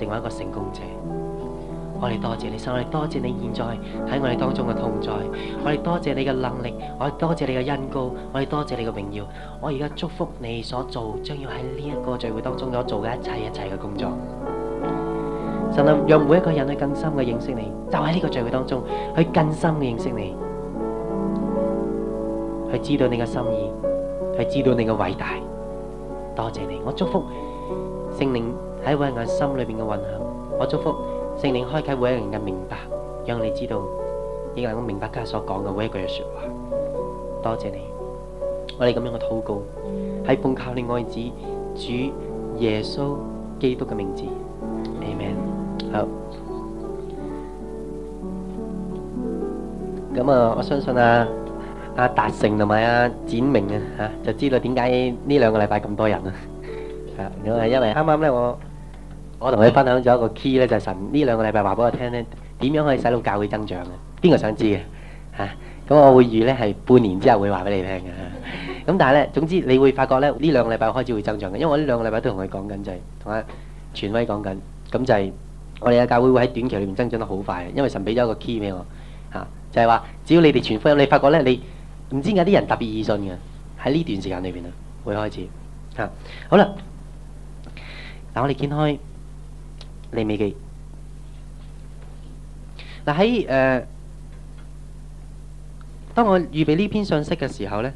成為一個成功者，我哋多謝你，神，我哋多謝你現在喺我哋當中嘅同在，我哋多謝你嘅能力，我哋多謝你嘅恩膏，我哋多謝你嘅榮耀，我而家祝福你所做，將要喺呢一個聚會當中所做嘅一切一切嘅工作，神啊，讓每一個人去更深嘅認識你，就喺呢個聚會當中去更深嘅認識你，去知道你嘅心意，去知道你嘅偉大，多謝你，我祝福聖靈。喺每一個人心裏邊嘅運行，我祝福聖靈開啟每一個人嘅明白，讓你知道亦能夠明白今日所講嘅每一句嘅說話。多謝你，我哋咁樣嘅禱告，係奉靠你愛子主耶穌基督嘅名字。阿門。好，咁啊，我相信阿阿達成同埋阿展明啊，吓就知道點解呢兩個禮拜咁多人啊。啊，咁係因為啱啱咧我。我同佢分享咗一個 key 咧，就係神呢兩個禮拜話俾我聽咧，點樣可以使到教會增長嘅？邊個想知嘅咁、啊、我會預咧係半年之後會話俾你聽嘅。咁、啊、但係咧，總之你會發覺咧，呢兩個禮拜開始會增長嘅，因為我呢兩個禮拜都同佢講緊，就係同阿傳威講緊，咁就係我哋嘅教會會喺短期裏面增長得好快嘅，因為神俾咗一個 key 俾我、啊、就係、是、話只要你哋傳福音，你發覺咧你唔知有啲人特別易信嘅，喺呢段時間裏面啊會開始、啊、好啦，嗱我哋見開。你美記嗱喺誒，當我預備呢篇信息嘅時候咧，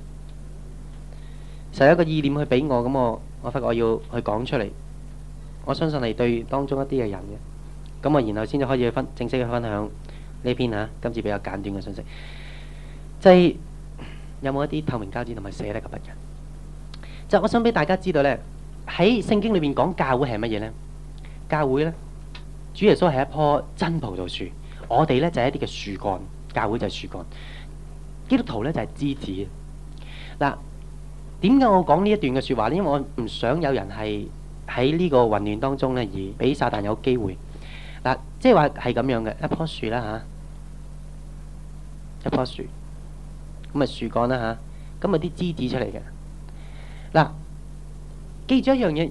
就有一個意念去俾我，咁我我發覺我要去講出嚟。我相信係對當中一啲嘅人嘅，咁我然後先至可以去分正式去分享呢篇啊，今次比較簡短嘅信息。即係有冇一啲透明膠紙同埋寫得嘅筆架？就我想俾大家知道咧，喺聖經裏面講教會係乜嘢咧？教會咧？主耶穌係一棵真葡萄樹，我哋呢就係一啲嘅樹幹，教會就係樹幹，基督徒呢就係枝子。嗱，點解我講呢一段嘅說話？呢？因為我唔想有人係喺呢個混亂當中呢，而俾撒旦有機會。嗱，即係話係咁樣嘅一棵樹啦，吓，一棵樹，咁啊樹幹啦，吓，咁啊啲枝子出嚟嘅。嗱，記住一樣嘢。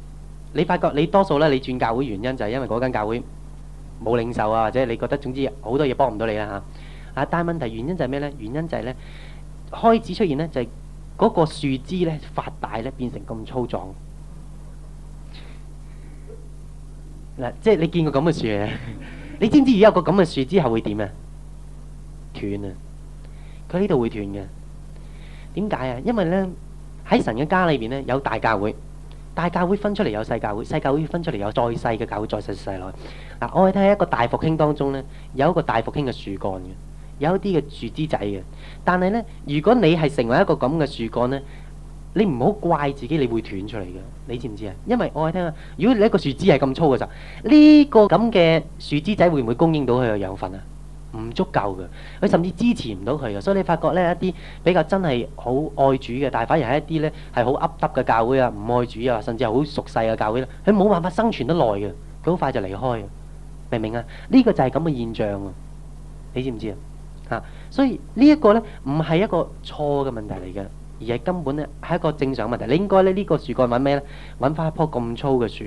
你發覺你多數咧，你轉教會原因，就係因為嗰間教會冇領袖啊，或者你覺得總之好多嘢幫唔到你啦、啊、吓啊！但係問題原因就係咩呢？原因就係呢：開始出現呢，就係、是、嗰個樹枝呢發大呢，變成咁粗壯嗱、啊，即係你見過咁嘅樹啊？你知唔知如果有個咁嘅樹之後會點啊？斷啊！佢呢度會斷嘅，點解啊？因為呢，喺神嘅家裏邊呢，有大教會。大教會分出嚟，有細教會，細教會分出嚟，有再細嘅教會，再細細來。嗱、啊，我哋睇一個大復興當中呢，有一個大復興嘅樹幹嘅，有一啲嘅樹枝仔嘅。但係呢，如果你係成為一個咁嘅樹幹呢，你唔好怪自己，你會斷出嚟嘅。你知唔知啊？因為我哋睇下，如果你一個樹枝係咁粗嘅時候，呢、這個咁嘅樹枝仔會唔會供應到佢嘅養分啊？唔足夠嘅，佢甚至支持唔到佢嘅，所以你發覺咧一啲比較真係好愛主嘅，但係反而係一啲咧係好噏耷嘅教會啊，唔愛主啊，甚至係好熟世嘅教會咧，佢冇辦法生存得耐嘅，佢好快就離開嘅，明唔明啊？呢個就係咁嘅現象啊！你知唔知啊？嚇，所以呢一個咧唔係一個錯嘅問題嚟嘅，而係根本咧係一個正常嘅問題。你應該咧呢個樹幹揾咩咧？揾翻一棵咁粗嘅樹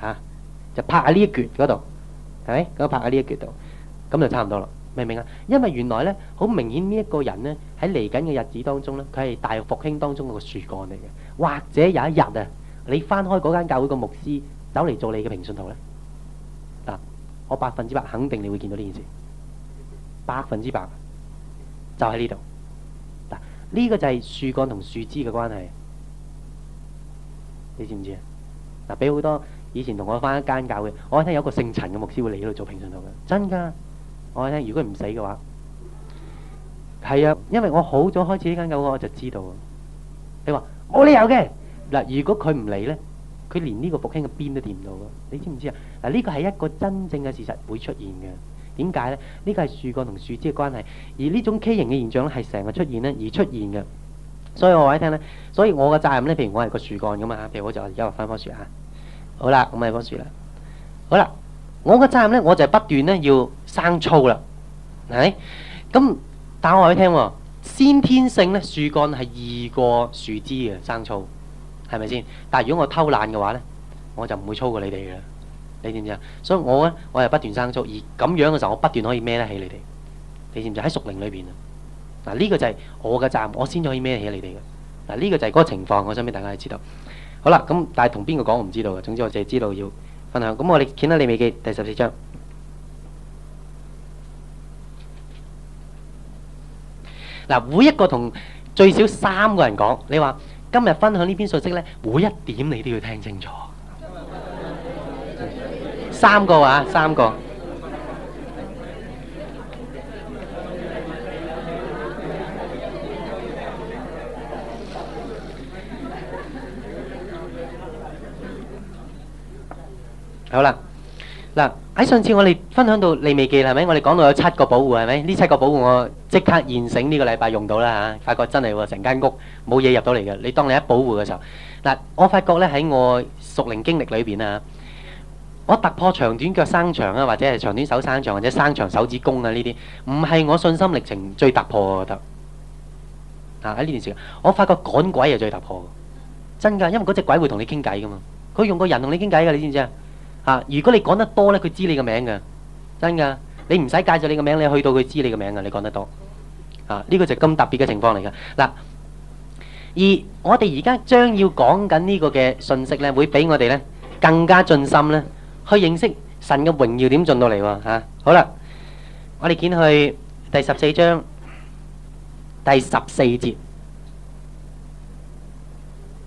嚇，就拍喺呢一橛嗰度，係咪？咁拍喺呢一橛度。咁就差唔多啦，明唔明啊？因為原來呢，好明顯呢一個人呢，喺嚟緊嘅日子當中呢，佢係大復興當中嗰個樹幹嚟嘅，或者有一日啊，你翻開嗰間教會個牧師走嚟做你嘅平信徒呢，嗱、嗯，我百分之百肯定你會見到呢件事，百分之百就喺呢度嗱，呢、嗯呢個就係樹幹同樹枝嘅關係，你知唔知啊？嗱、嗯，俾好多以前同我翻一間教會，我聽有個姓陳嘅牧師會嚟呢度做平信徒嘅，真噶。我話你聽，如果唔死嘅話，係啊，因為我好早開始呢間嘅我就知道。你話冇理由嘅，嗱，如果佢唔理呢，佢連呢個復興嘅邊都掂唔到咯。你知唔知啊？嗱，呢個係一個真正嘅事實會出現嘅。點解呢？呢個係樹幹同樹枝嘅關係，而呢種畸形嘅現象咧，係成日出現呢，而出現嘅。所以我話你聽呢，所以我嘅責任呢，譬如我係個樹幹咁嘛，譬如我就而家話返棵樹啊，好啦，咁咪返棵樹啦，好啦。我嘅責任咧，我就係不斷咧要生粗啦，係，咁但我話你聽喎，先天性咧樹幹係二個樹枝嘅生粗，係咪先？但係如果我偷懶嘅話咧，我就唔會粗過你哋嘅，你知唔知啊？所以我咧，我係不斷生粗，而咁樣嘅時候，我不斷可以孭得起你哋，你知唔知？喺熟齡裏邊，啊，嗱、這、呢個就係我嘅責任，我先至可以孭得起你哋嘅，嗱、啊、呢、這個就係嗰個情況，我想俾大家去知道。好啦，咁但係同邊個講我唔知道嘅，總之我淨係知道要。分享，咁我哋見到利未記第十四章。嗱，每一個同最少三個人講，你話今日分享呢篇信息呢，每一點你都要聽清楚。三個啊，三個。好啦，嗱，喺上次我哋分享到你未記係咪？我哋講到有七個保護係咪？呢七個保護我即刻現成呢個禮拜用到啦嚇！發覺真係喎，成間屋冇嘢入到嚟嘅。你當你一保護嘅時候，嗱，我發覺咧喺我熟靈經歷裏邊啊，我突破長短腳生長啊，或者係長短手生長，或者生長手指公啊呢啲，唔係我信心歷程最突破我覺得啊，喺呢段時間，我發覺趕鬼係最突破，真㗎，因為嗰隻鬼會同你傾偈㗎嘛，佢用個人同你傾偈㗎，你知唔知啊？啊！如果你講得多呢，佢知你個名嘅，真噶，你唔使介紹你個名，你去到佢知你個名噶。你講得多，啊，呢個就咁特別嘅情況嚟噶嗱。而我哋而家將要講緊呢個嘅信息呢，會俾我哋呢更加盡心呢，去認識神嘅榮耀點進到嚟吓。好啦，我哋見去第十四章第十四節。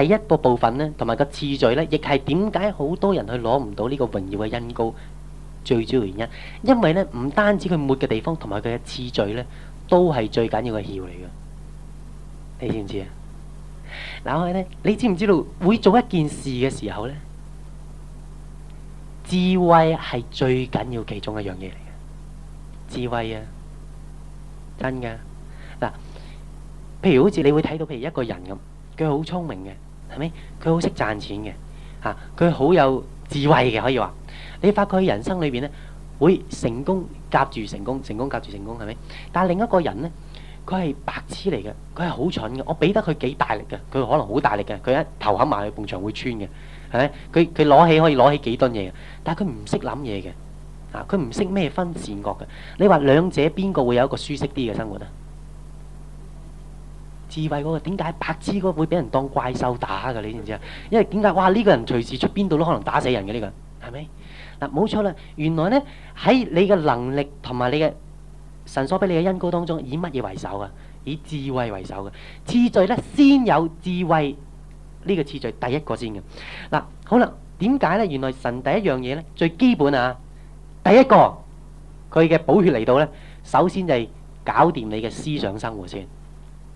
第一個部分呢，同埋個次序呢，亦係點解好多人去攞唔到呢個榮耀嘅因高最主要原因。因為呢，唔單止佢抹嘅地方，同埋佢嘅次序呢，都係最緊要嘅竅嚟嘅。你知唔知啊？嗱，我呢，你知唔知道會做一件事嘅時候呢，智慧係最緊要其中一樣嘢嚟嘅。智慧啊，真㗎。嗱，譬如好似你會睇到，譬如一個人咁，佢好聰明嘅。係咪？佢好識賺錢嘅，吓，佢好有智慧嘅，可以話。你發覺佢人生裏邊咧，會成功夾住成功，成功夾住成功，係咪？但另一個人咧，佢係白痴嚟嘅，佢係好蠢嘅。我俾得佢幾大力嘅，佢可能好大力嘅，佢一頭下埋去埲牆會穿嘅，係咪？佢佢攞起可以攞起幾噸嘢嘅，但係佢唔識諗嘢嘅，吓，佢唔識咩分善惡嘅。你話兩者邊個會有一個舒適啲嘅生活咧？智慧嗰、那個點解白痴嗰會俾人當怪獸打㗎？你知唔知啊？因為點解哇？呢、這個人隨時出邊度都可能打死人嘅呢、這個，係咪嗱？冇、啊、錯啦。原來呢，喺你嘅能力同埋你嘅神所俾你嘅恩膏當中，以乜嘢為首啊？以智慧為首嘅次序呢，先有智慧呢、這個次序第一個先嘅嗱、啊。好啦，點解呢？原來神第一樣嘢呢，最基本啊，第一個佢嘅寶血嚟到呢，首先就係搞掂你嘅思想生活先。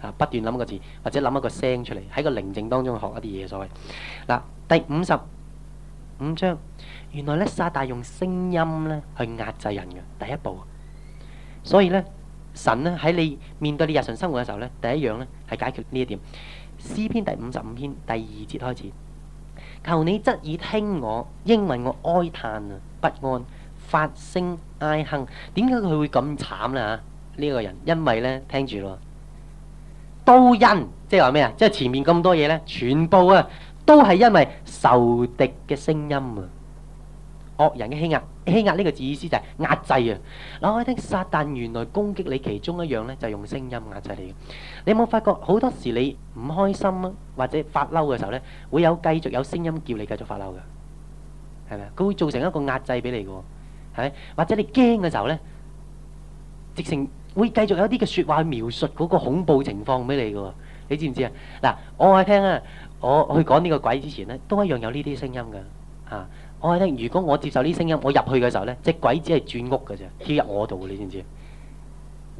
啊！不斷諗一個字，或者諗一個聲出嚟，喺個寧靜當中學一啲嘢，所謂嗱，第五十五章，原來咧撒但用聲音咧去壓制人嘅第一步，所以咧神咧喺你面對你日常生活嘅時候咧，第一樣咧係解決呢一點。詩篇第五十五篇第二節開始，求你側耳聽我，因為我哀歎啊，不安，發聲哀哼。點解佢會咁慘咧？嚇呢個人，因為咧聽住咯。都因即係話咩啊？即係前面咁多嘢咧，全部啊都係因為仇敵嘅聲音啊，惡人嘅欺壓。欺壓呢個字意思就係壓制啊。嗱，我聽撒但原來攻擊你其中一樣咧，就係用聲音壓制你。你有冇發覺好多時你唔開心啊，或者發嬲嘅時候咧，會有繼續有聲音叫你繼續發嬲嘅，係咪啊？佢會造成一個壓制俾你嘅，係咪？或者你驚嘅時候咧，直情。會繼續有啲嘅説話去描述嗰個恐怖情況俾你嘅喎，你知唔知啊？嗱，我係聽啊，我去講呢個鬼之前呢，都一樣有呢啲聲音嘅啊。我係聽，如果我接受呢聲音，我入去嘅時候呢，隻鬼只係轉屋嘅啫，跳入我度，你知唔知？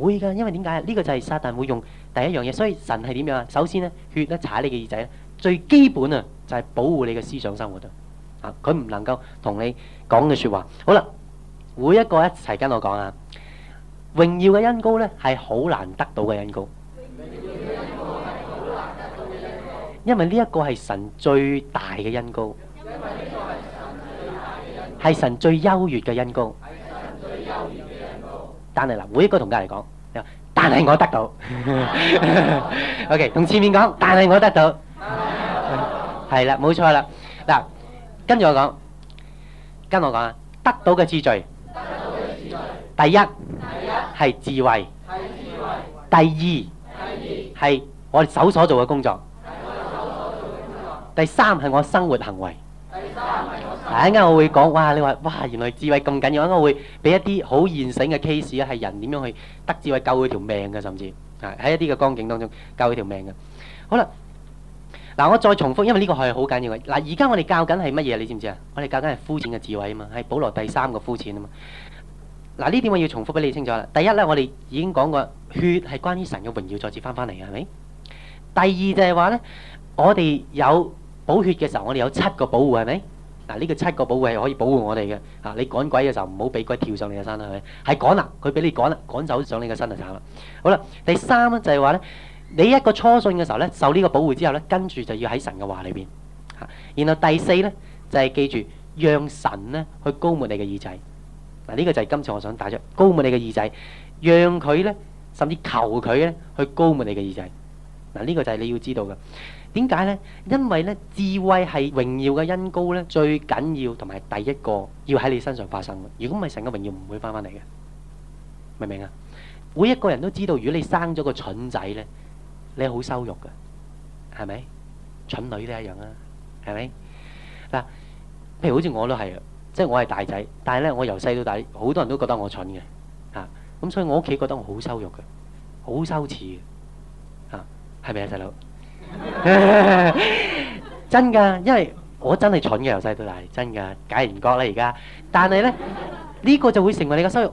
會嘅，因為點解？呢個就係撒旦會用第一樣嘢，所以神係點樣啊？首先呢，血咧踩你嘅耳仔咧，最基本啊，就係保護你嘅思想生活度啊。佢唔能夠同你講嘅説話。好啦，每一個一齊跟我講啊！榮耀嘅恩膏呢，係好難得到嘅恩膏，因為呢一個係神最大嘅恩膏，係神最優越嘅恩膏。但係嗱，每一個同家嚟講，但係我得到，OK，同前面講，但係我得到，係啦，冇錯啦。嗱，跟住我講，跟住我講啊，得到嘅次序，第一。係智慧，第二係我哋手所做嘅工作，第三係我嘅生活行為。係一陣間我會講，哇！你話哇，原來智慧咁緊要，一陣間我會俾一啲好現成嘅 case 啊，係人點樣去得智慧救佢條命嘅，甚至係喺一啲嘅光景當中救佢條命嘅。好啦，嗱，我再重複，因為呢個係好緊要嘅。嗱，而家我哋教緊係乜嘢？你知唔知啊？我哋教緊係膚淺嘅智慧啊嘛，係保羅第三個膚淺啊嘛。嗱，呢點我要重複俾你清楚啦。第一咧，我哋已經講過血係關於神嘅榮耀再次返返嚟嘅，係咪？第二就係話咧，我哋有寶血嘅時候，我哋有七個保護，係咪？嗱，呢個七個保護係可以保護我哋嘅。嚇，你趕鬼嘅時候唔好俾鬼跳上你嘅身啦，係咪？係趕啦，佢俾你趕啦，趕走上你嘅身就慘啦。好啦，第三咧就係話咧，你一個初信嘅時候咧，受呢個保護之後咧，跟住就要喺神嘅話裏邊嚇。然後第四咧就係記住，讓神咧去膏抹你嘅耳仔。嗱，呢個就係今次我想打出膏抹你嘅耳仔，讓佢咧，甚至求佢咧，去膏抹你嘅耳仔。嗱，呢個就係你要知道嘅。點解咧？因為咧，智慧係榮耀嘅恩膏咧，最緊要同埋第一個要喺你身上發生。如果唔係，成個榮耀唔會翻返嚟嘅。明唔明啊？每一個人都知道，如果你生咗個蠢仔咧，你好羞辱嘅，係咪？蠢女都一樣啊，係咪？嗱，譬如好似我都係。即係我係大仔，但係咧，我由細到大，好多人都覺得我蠢嘅，啊，咁所以我屋企覺得我好羞辱嘅，好羞恥嘅，啊，係咪啊，細佬？ 真噶，因為我真係蠢嘅，由細到大，真噶，假如唔覺啦而家，但係咧，呢個就會成為你嘅羞辱。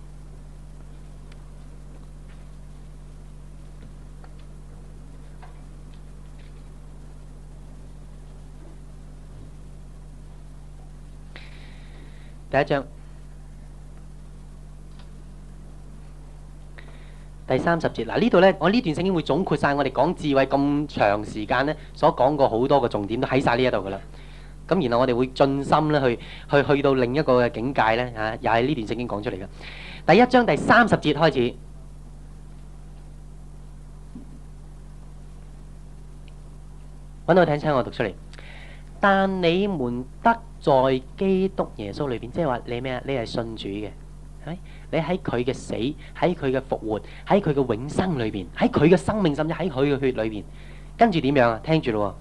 第一章第三十節嗱，呢度咧，我呢段聖經會總括晒我哋講智慧咁長時間咧，所講過好多嘅重點都喺晒呢一度噶啦。咁然後我哋會盡心咧去去去到另一個嘅境界咧，吓又係呢段聖經講出嚟嘅。第一章第三十節開始，揾到聽清我讀出嚟。但你們得在基督耶穌裏邊，即係話你咩啊？你係信主嘅，係咪？你喺佢嘅死，喺佢嘅復活，喺佢嘅永生裏邊，喺佢嘅生命，甚至喺佢嘅血裏邊，跟住點樣啊？聽住咯，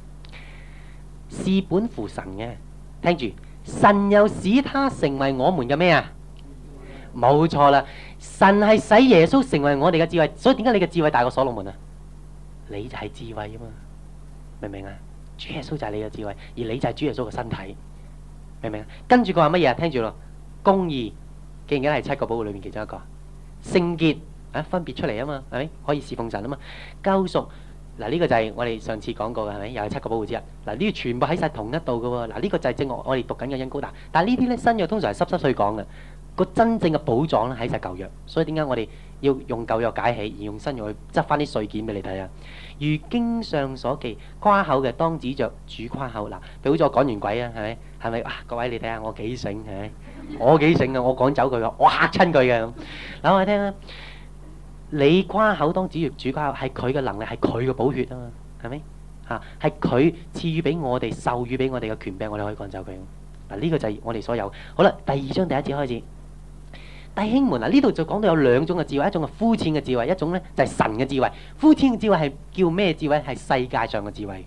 是本乎神嘅。聽住，神又使他成為我們嘅咩啊？冇錯啦，神係使耶穌成為我哋嘅智慧。所以點解你嘅智慧大過所羅門啊？你就係智慧啊嘛，明唔明啊？主耶穌就係你嘅智慧，而你就係主耶穌嘅身體。明唔明啊？跟住個係乜嘢啊？聽住咯，公義記唔記得係七個保護裏面其中一個聖潔啊，分別出嚟啊嘛，係咪可以侍奉神啊嘛？救贖嗱呢個就係我哋上次講過嘅，係咪又係七個保護之一嗱？呢啲全部喺曬同一度嘅喎嗱，呢個就係正我我哋讀緊嘅恩膏嗱。但係呢啲咧新約通常係濕濕碎講嘅，個真正嘅寶藏咧喺曬舊約，所以點解我哋要用舊約解起，而用新約去執翻啲碎件俾你睇啊？如經上所記，誇口嘅當指著主誇口嗱，好似我講完鬼啊，係咪？係咪？哇！各位你睇下我幾醒，係咪？我幾醒啊！我趕走佢嘅，我嚇親佢嘅嗱。我哋聽啦，你關口當主藥，主關口係佢嘅能力，係佢嘅補血啊嘛，係咪？嚇，係佢賜予俾我哋授予俾我哋嘅權柄，我哋可以趕走佢。嗱呢個就係我哋所有。好啦，第二章第一次開始。弟兄們嗱，呢度就講到有兩種嘅智慧，一種係膚淺嘅智慧，一種咧就係神嘅智慧。膚淺嘅智慧係叫咩智慧？係世界上嘅智慧。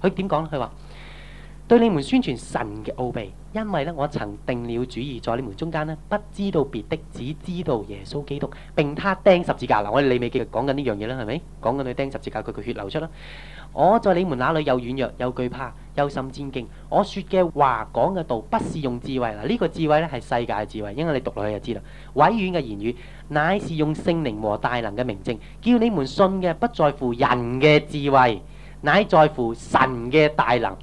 佢點講？佢話對你們宣傳神嘅奧秘，因為咧我曾定了主意在你們中間咧，不知道別的，只知道耶穌基督，并他釘十字架。嗱，我哋利未記講緊呢樣嘢啦，係咪？講緊佢釘十字架，佢嘅血流出啦。我在你們那裏有軟弱，有懼怕，有甚戰兢。我說嘅話，講嘅道，不是用智慧。嗱，呢個智慧咧係世界嘅智慧，因為你讀落去就知啦。委婉嘅言語，乃是用聖靈和大能嘅明證，叫你們信嘅，不在乎人嘅智慧。乃在乎神嘅大能。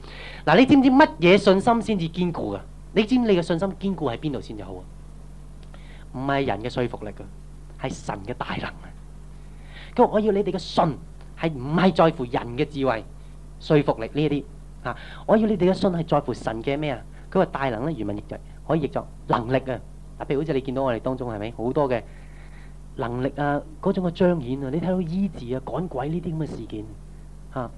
嗱，你知唔知乜嘢信心先至堅固啊？你知唔知你嘅信心堅固喺邊度先至好啊？唔係人嘅說服力啊，係神嘅大能啊！佢話：我要你哋嘅信係唔係在乎人嘅智慧、說服力呢一啲啊？我要你哋嘅信係在乎神嘅咩啊？佢話大能咧，原文譯就可以譯作能力啊。譬如好似你見到我哋當中係咪好多嘅能力啊？嗰種嘅彰顯啊！你睇到醫治啊、趕鬼呢啲咁嘅事件啊～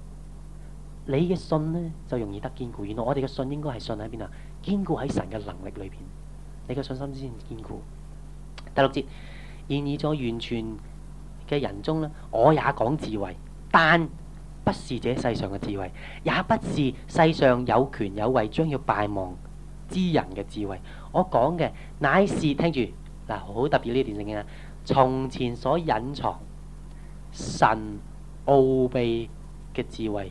你嘅信呢，就容易得堅固，原來我哋嘅信應該係信喺邊啊？堅固喺神嘅能力裏邊，你嘅信心先堅固。第六節，然而在完全嘅人中呢，我也講智慧，但不是這世上嘅智慧，也不是世上有權有位將要敗亡之人嘅智慧。我講嘅乃是，聽住嗱，好特別呢段聖經啊，從前所隱藏神奧秘嘅智慧。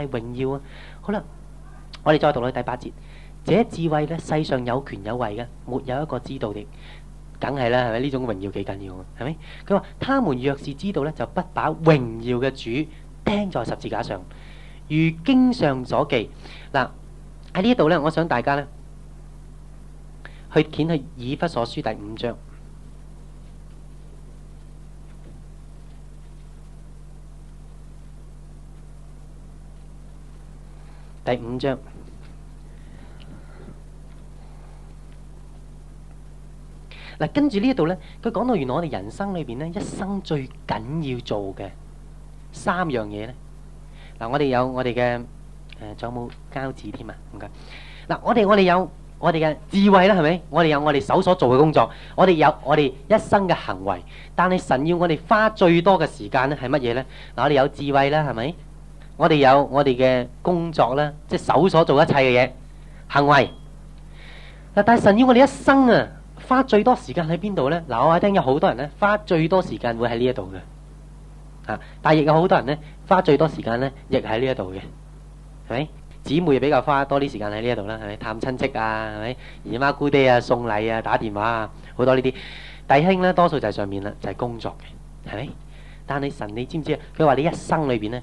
係榮耀啊！好啦，我哋再讀落第八節，這智慧咧，世上有權有位嘅，沒有一個知道的。梗係啦，係咪呢種榮耀幾緊要啊？係咪？佢話他們若是知道咧，就不把榮耀嘅主釘在十字架上，如經上所記。嗱，喺呢度咧，我想大家咧去掀去以弗所書第五章。第五章嗱，跟住呢一度咧，佢講到原來我哋人生裏邊咧，一生最緊要做嘅三樣嘢咧。嗱，我哋有我哋嘅誒，仲有冇膠紙添啊？唔該。嗱，我哋我哋有我哋嘅智慧啦，係咪？我哋有我哋手所做嘅工作，我哋有我哋一生嘅行為。但係神要我哋花最多嘅時間咧，係乜嘢咧？嗱，我哋有智慧啦，係咪？我哋有我哋嘅工作咧，即係手所做一切嘅嘢行為。嗱，但係神要我哋一生啊，花最多時間喺邊度咧？嗱，我話聽有好多人咧，花最多時間會喺呢一度嘅啊，但係亦有好多人咧，花最多時間咧亦喺呢一度嘅，係咪？姊妹比較花多啲時間喺呢一度啦，係咪探親戚啊？係咪姨媽姑爹啊？送禮啊？打電話啊？好多呢啲。弟兄咧多數就係上面啦，就係工作嘅，係咪？但係神，你知唔知啊？佢話你一生裏邊咧。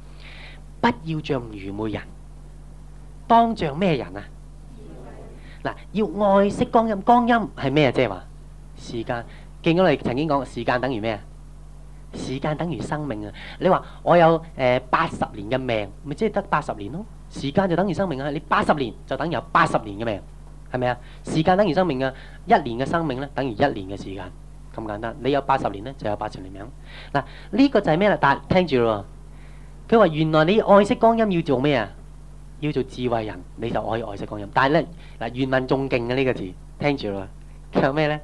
不要像愚昧人，當像咩人啊？嗱，要愛惜光陰。光陰係咩啫？即係話時間。記咗我哋曾經講，時間等於咩啊？時間等於生命啊！你話我有誒八十年嘅命，咪即係得八十年咯？時間就等於生命啊！你八十年就等於有八十年嘅命，係咪啊？時間等於生命啊！一年嘅生命咧，等於一年嘅時間，咁簡單。你有八十年咧，就有八十年命。嗱，呢個就係咩啦？但聽住咯。佢話：原來你愛惜光陰要做咩啊？要做智慧人，你就愛愛惜光陰。但係咧嗱，原文仲勁嘅呢個字，聽住啦。有咩咧？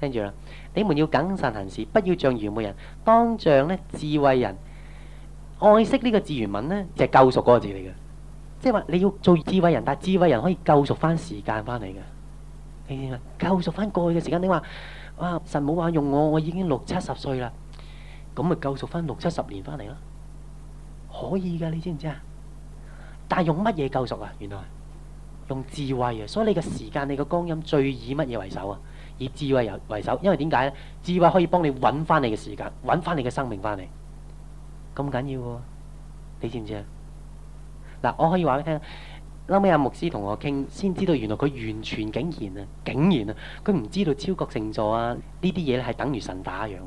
聽住啦。你們要謹慎行事，不要像愚昧人，當像咧智慧人。愛惜呢個字原文咧，就係救贖嗰個字嚟嘅。即係話你要做智慧人，但係智慧人可以救贖翻時間翻嚟嘅。你知嘛？救贖翻過去嘅時間。你話哇，神冇話用我，我已經六七十歲啦，咁咪救贖翻六七十年翻嚟啦。可以噶，你知唔知啊？但係用乜嘢救贖啊？原來用智慧啊！所以你嘅時間、你嘅光陰最以乜嘢為首啊？以智慧為首，因為點解呢？智慧可以幫你搵翻你嘅時間，搵翻你嘅生命翻嚟，咁緊要喎、啊！你知唔知啊？嗱，我可以話俾你聽，後屘阿牧師同我傾，先知道原來佢完全竟然啊，竟然啊，佢唔知道超覺靜坐啊呢啲嘢係係等於神打樣。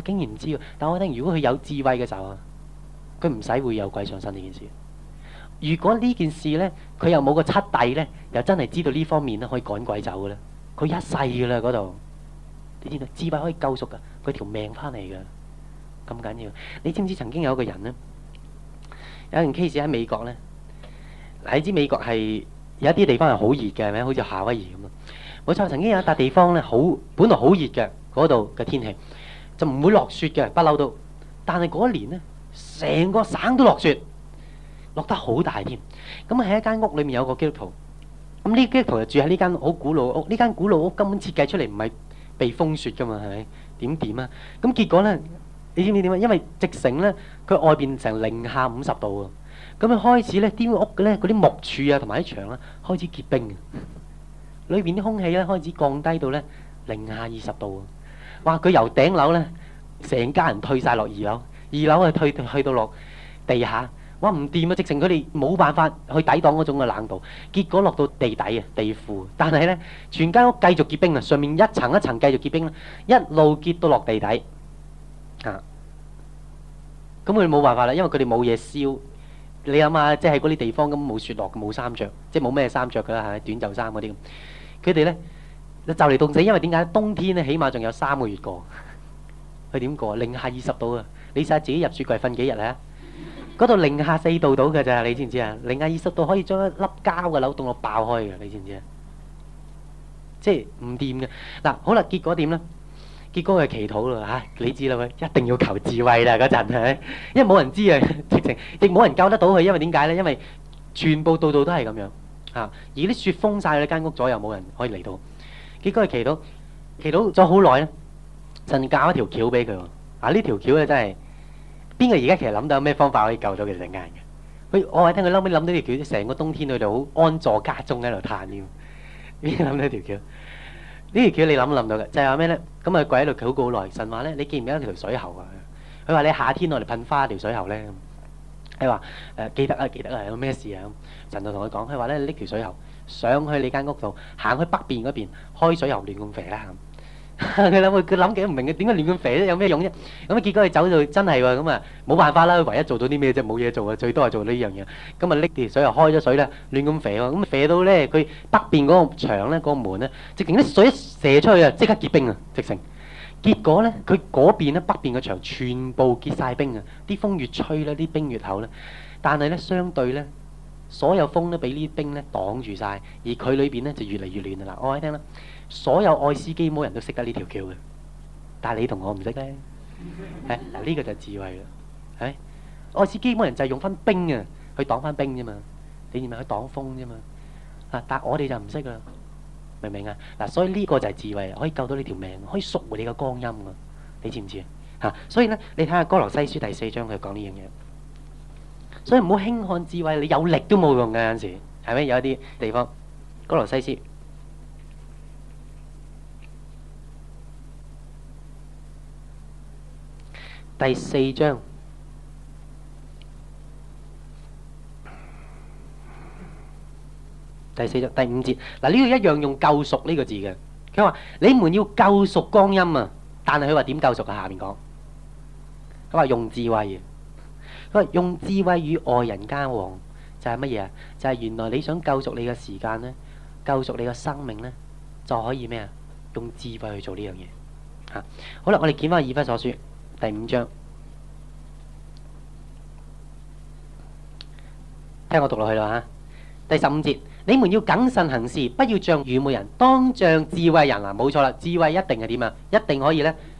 竟然唔知啊！但我覺得，如果佢有智慧嘅時候啊，佢唔使會有鬼上身呢件事。如果呢件事呢，佢又冇個七弟呢，又真係知道呢方面呢，可以趕鬼走嘅咧。佢一世噶啦嗰度，你知道智慧可以救贖噶，佢條命翻嚟噶，咁緊要。你知唔知曾經有一個人呢？有一件 case 喺美國呢，你知美國係有一啲地方係好熱嘅，係咪？好似夏威夷咁啊！冇錯，曾經有一笪地方呢，好本來好熱嘅嗰度嘅天氣。就唔會落雪嘅，不嬲都。但係嗰一年咧，成個省都落雪，落得好大添。咁喺一間屋裏面有個基督徒，咁呢基督徒就住喺呢間好古老嘅屋。呢間古老屋根本設計出嚟唔係避風雪噶嘛，係咪？點點啊？咁結果咧，你知唔知點啊？因為直情咧，佢外邊成零下五十度啊。咁啊開始咧，啲屋嘅咧嗰啲木柱啊同埋啲牆啊開始結冰，裏邊啲空氣咧開始降低到咧零下二十度啊。哇！佢由頂樓咧，成家人退曬落二樓，二樓係退退去到落地下，哇唔掂啊！直情佢哋冇辦法去抵擋嗰種嘅冷度，結果落到地底啊地庫。但係咧，全間屋繼續結冰啊！上面一層一層繼續結冰，一路結到落地底啊！咁佢哋冇辦法啦，因為佢哋冇嘢燒。你諗下，即係喺嗰啲地方咁冇雪落，冇衫著，即係冇咩衫著㗎啦，係短袖衫嗰啲。佢哋咧。就嚟凍死，因為點解？冬天咧，起碼仲有三個月過。佢點過啊？零下二十度啊！你試下自己入雪櫃瞓幾日咧？嗰度零下四度到㗎咋？你知唔知啊？零下二十度可以將一粒膠嘅樓凍到爆開嘅，你知唔知啊？即係唔掂嘅。嗱，好啦，結果點咧？結果佢祈禱啦嚇，你知啦，佢一定要求智慧啦嗰陣，因為冇人知啊，直情亦冇人救得到佢，因為點解咧？因為全部度度都係咁樣啊！而啲雪封曬嗰間屋左右，冇人可以嚟到。結果佢祈禱，祈禱咗好耐咧，神架一條橋俾佢喎。啊，呢條橋咧，真係，邊個而家其實諗到有咩方法可以救到佢哋隻眼嘅？誒，我係聽佢嬲尾諗到條橋，成個冬天佢哋好安坐家中喺度嘆添。邊諗到條橋？呢條橋你諗唔諗到嘅，就係話咩咧？咁啊，跪喺度求告好耐。神話咧，你記唔記得條水喉啊？佢話，你夏天我哋噴花條水喉咧。佢話，誒，記得啊，記得啊有咩事啊咁？神就同佢講，佢話咧，呢條水喉。上去你間屋度，行去北邊嗰邊開水又亂咁肥啦咁。佢諗佢佢諗幾唔明嘅，點解亂咁肥咧？有咩用啫？咁啊結果佢走到真係喎，咁啊冇辦法啦。唯一做到啲咩啫？冇嘢做啊，最多係做呢樣嘢。咁啊拎條水又開咗水啦，亂咁肥喎。咁肥到咧，佢北邊嗰個牆咧，嗰個門咧，直情啲水一射出去啊，即刻結冰啊，直成。結果咧，佢嗰邊咧北邊嘅牆全部結曬冰啊！啲風越吹咧，啲冰越厚咧。但係咧，相對咧。所有風都俾呢啲冰咧擋住曬，而佢裏邊咧就越嚟越亂啦。我話你聽啦，所有愛斯基摩人都識得呢條橋嘅，但係你同我唔識咧。係，嗱，呢個就係智慧啦。係愛斯基摩人就係用翻冰啊，去擋翻冰啫嘛。你係咪去擋風啫嘛？啊，但係我哋就唔識啦，明唔明啊？嗱，所以呢個就係智慧，可以救到你條命，可以贖回你嘅光陰㗎。你知唔知啊？嚇，所以咧，你睇下《哥羅西書》第四章佢講呢樣嘢。所以唔好輕看智慧，你有力都冇用嘅。有時係咪有啲地方？哥羅西書第四章，第四章第五節，嗱，呢度一樣用救贖呢個字嘅。佢話：你們要救贖光陰啊！但係佢話點救贖啊？下面講。佢話用智慧。佢用智慧與外人交往，就係乜嘢啊？就係原來你想救贖你嘅時間咧，救贖你嘅生命咧，就可以咩啊？用智慧去做呢樣嘢。吓，好啦，我哋檢翻以弗所書第五章，聽我讀落去啦吓。第十五節，你們要謹慎行事，不要像愚昧人，當像智慧人啊！冇錯啦，智慧一定係點啊？一定可以呢。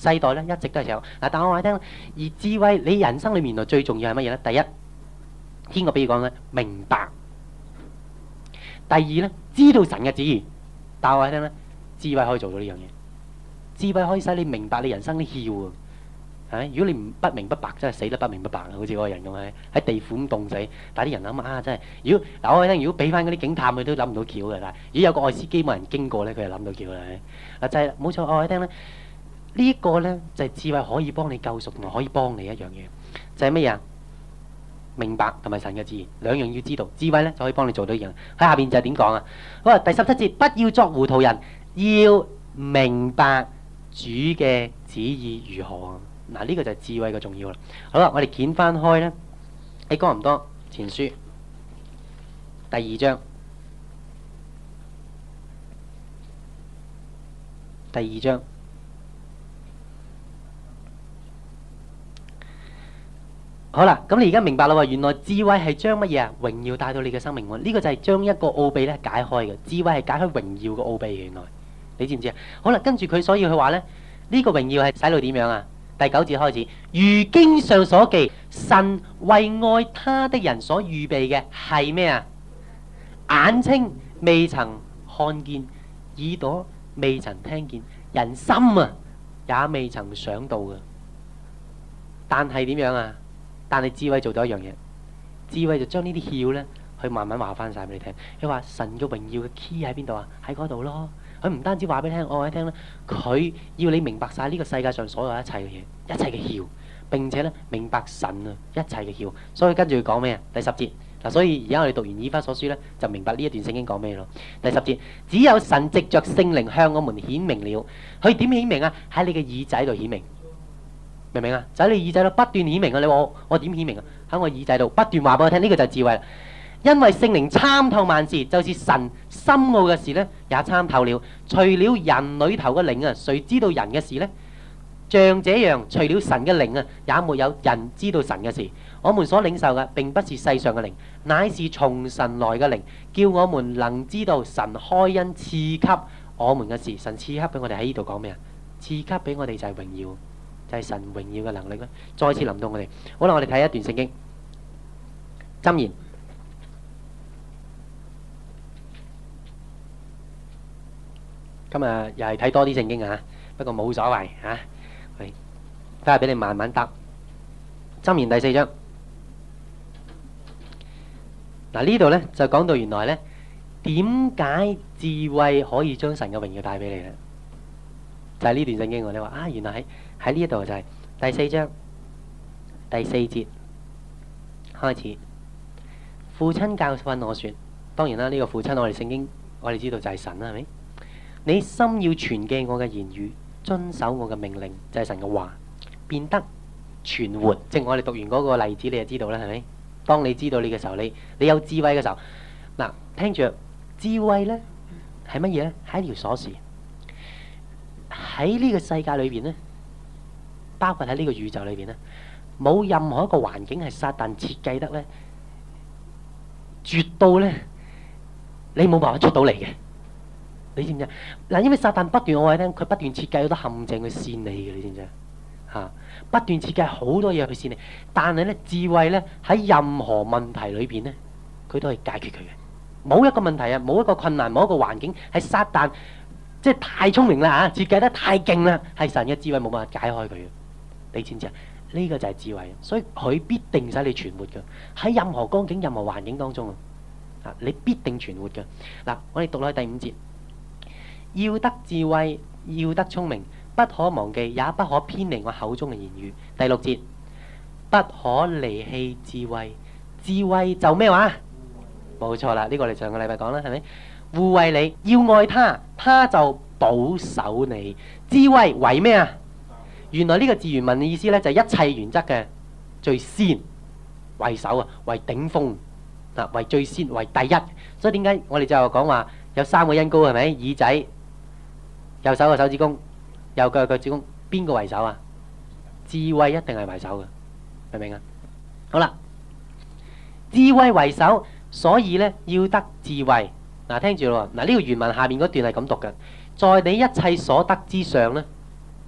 世代咧一直都係有，嗱，但我話你聽，而智慧你人生裏面度最重要係乜嘢咧？第一，先我比如講咧，明白；第二咧，知道神嘅旨意。但我話你聽咧，智慧可以做到呢樣嘢，智慧可以使你明白你人生啲竅啊！啊，如果你唔不明不白，真係死得不明不白啊！好似個人咁喺喺地府咁凍死，但啲人諗啊，真係。如果但我話你聽，如果俾翻嗰啲警探佢都諗唔到竅嘅，但如果有個外司機冇人經過咧，佢就諗到竅啦。啊，就係冇錯，我話你聽咧。這呢一個咧就係、是、智慧可以幫你救贖，同埋可以幫你一樣嘢，就係乜嘢？明白同埋神嘅旨意，兩樣要知道。智慧呢就可以幫你做到一樣。喺下邊就係點講啊？好啊，第十七節，不要作糊塗人，要明白主嘅旨意如何。嗱、啊、呢、這個就係智慧嘅重要啦。好啦，我哋掀翻開呢，哥林多前書第二章，第二章。好啦，咁你而家明白啦喎，原來智慧係將乜嘢啊？榮耀帶到你嘅生命喎，呢個就係將一個奧秘咧解開嘅，智慧係解開榮耀嘅奧秘，原來，你知唔知啊？好啦，跟住佢所以佢話咧，呢個榮耀係使到點樣啊？第九節開始，如經上所記，神為愛他的人所預備嘅係咩啊？眼睛未曾看見，耳朵未曾聽見，人心啊也未曾想到嘅，但係點樣啊？但係智慧做到一樣嘢，智慧就將呢啲竅呢去慢慢話翻晒俾你聽。佢話神嘅榮耀嘅 key 喺邊度啊？喺嗰度咯。佢唔單止話俾你聽，我話你聽咧，佢要你明白晒呢個世界上所有一切嘅嘢，一切嘅竅，並且呢，明白神啊，一切嘅竅。所以跟住佢講咩啊？第十節嗱，所以而家我哋讀完以弗所書呢，就明白呢一段聖經講咩咯？第十節，只有神藉着聖靈向我們顯明了，佢點顯明啊？喺你嘅耳仔度顯明。明唔明啊？就喺你耳仔度不斷顯明啊！你話我我點顯明啊？喺我耳仔度不斷話俾我聽，呢個就係智慧。因為聖靈參透萬事，就是神深奧嘅事呢，也參透了。除了人裏頭嘅靈啊，誰知道人嘅事呢？像這樣，除了神嘅靈啊，也沒有人知道神嘅事。我們所領受嘅，並不是世上嘅靈，乃是從神來嘅靈，叫我們能知道神開恩賜給我們嘅事。神賜給俾我哋喺呢度講咩啊？賜給俾我哋就係榮耀。就係神榮耀嘅能力啦！再次臨到我哋，好啦，我哋睇一段聖經箴言。今日又係睇多啲聖經啊！不過冇所謂吓，都係俾你慢慢答。箴言第四章嗱，呢度咧就講到原來咧點解智慧可以將神嘅榮耀帶俾你咧？就係呢段聖經我哋話啊，原來喺。喺呢一度就係第四章第四節開始。父親教訓我說，當然啦，呢、這個父親我哋聖經我哋知道就係神啦，係咪？你心要傳記我嘅言語，遵守我嘅命令，就係、是、神嘅話，變得存活。即、就、係、是、我哋讀完嗰個例子，你就知道啦，係咪？當你知道你嘅時候，你你有智慧嘅時候，嗱，聽住智慧呢係乜嘢呢？咧？係一條鎖匙，喺呢個世界裏邊呢。包括喺呢個宇宙裏邊咧，冇任何一個環境係撒旦設計得咧，絕到咧，你冇辦法出到嚟嘅。你知唔知？嗱，因為撒旦不斷我話你聽，佢不斷設計好多陷阱去扇你嘅，你知唔知？嚇，不斷設計好多嘢去扇你，但係咧智慧咧喺任何問題裏邊咧，佢都係解決佢嘅。冇一個問題啊，冇一個困難，冇一個環境係撒旦，即係太聰明啦嚇，設計得太勁啦，係神嘅智慧冇辦法解開佢嘅。你知唔知啊？呢個就係智慧，所以佢必定使你存活嘅。喺任何光景、任何環境當中啊，你必定存活嘅。嗱，我哋讀落去第五節，要得智慧，要得聰明，不可忘記，也不可偏離我口中嘅言語。第六節，不可離棄智慧，智慧就咩話？冇錯啦，呢個我哋上個禮拜講啦，係咪？護衛你，要愛他，他就保守你。智慧為咩啊？原來呢個字原文嘅意思咧，就係一切原則嘅最先為首啊，為頂峯啊，為最先為第一。所以點解我哋就係講話有三個恩膏係咪？耳仔、右手個手指公、右腳個腳趾公，邊個為首啊？智慧一定係為首嘅，明唔明啊？好啦，智慧為首，所以咧要得智慧。嗱，聽住咯。嗱，呢個原文下面嗰段係咁讀嘅，在你一切所得之上咧。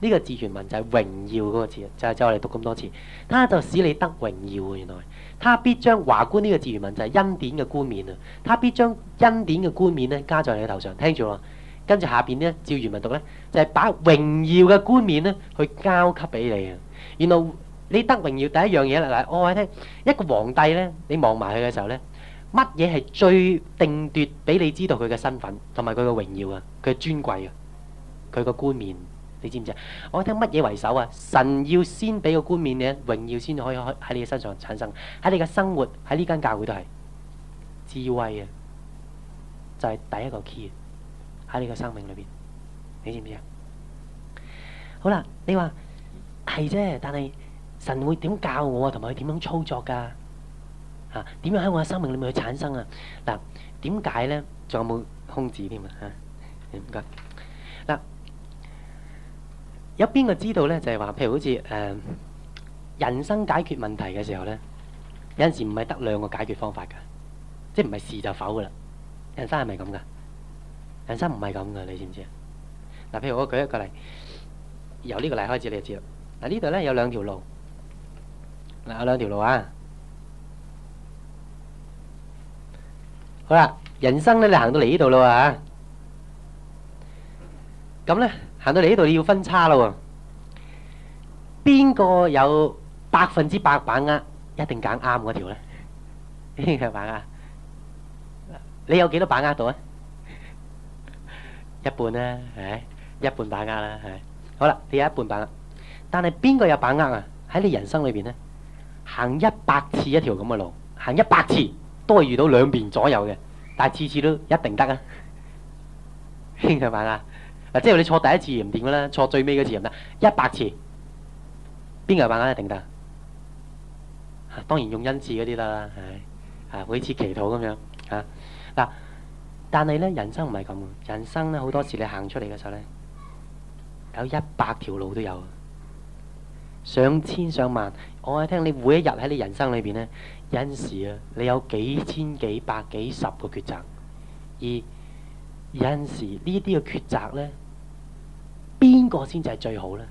呢個字原文就係榮耀嗰個字啊，就係叫我哋讀咁多次，他就使你得榮耀。原來他必將華冠呢個字原文就係恩典嘅冠冕啊！他必將恩典嘅冠冕咧加在你嘅頭上。聽住喎，跟住下邊咧，照原文讀咧，就係把榮耀嘅冠冕咧去交給俾你啊！原來你得榮耀第一樣嘢啦，嗱，我話你聽，一個皇帝咧，你望埋佢嘅時候咧，乜嘢係最定奪俾你知道佢嘅身份同埋佢嘅榮耀啊？佢嘅尊貴啊，佢嘅冠冕。你知唔知啊？我聽乜嘢為首啊？神要先俾個冠冕你，榮耀先可以喺你嘅身上產生，喺你嘅生活，喺呢間教會都係智慧啊，就係、是、第一個 key 啊！喺你嘅生命裏邊，你知唔知啊？好啦，你話係啫，但係神會點教我啊？同埋佢點樣操作噶？吓、啊，點樣喺我嘅生命裏面去產生啊？嗱、啊，點解呢？仲有冇空子添啊？唔、嗯、該。有邊個知道咧？就係話，譬如好似誒，人生解決問題嘅時候咧，有陣時唔係得兩個解決方法噶，即係唔係事就否噶啦。人生係咪咁噶人生唔係咁噶，你知唔知啊？嗱，譬如我舉一個例，由呢個例開始你就知啦。嗱，呢度咧有兩條路，嗱，有兩條路啊。好啦，人生咧，你行到嚟呢度咯啊！咁咧，行到嚟呢度你要分叉啦喎，邊個有百分之百把握，一定揀啱嗰條咧？邊個把握？你有幾多把握到啊？一半啦，係咪？一半把握啦，係。好啦，你有一半把握，但係邊個有把握啊？喺你人生裏邊咧，行一百次一條咁嘅路，行一百次都係遇到兩邊左右嘅，但係次次都一定得啊？邊個把握？即係你錯第一次唔掂嘅啦，錯最尾嗰次唔得，一百次邊個辦得一定得，啊？當然用恩賜嗰啲啦，係係、啊、好似祈禱咁樣吓。嗱、啊，但係咧人生唔係咁嘅，人生咧好多時你行出嚟嘅時候咧，有一百條路都有，上千上萬。我係聽你，你每一日喺你人生裏邊咧，有時啊，你有幾千幾百幾十個抉擇，而有時決呢啲嘅抉擇咧。邊個先至係最好呢？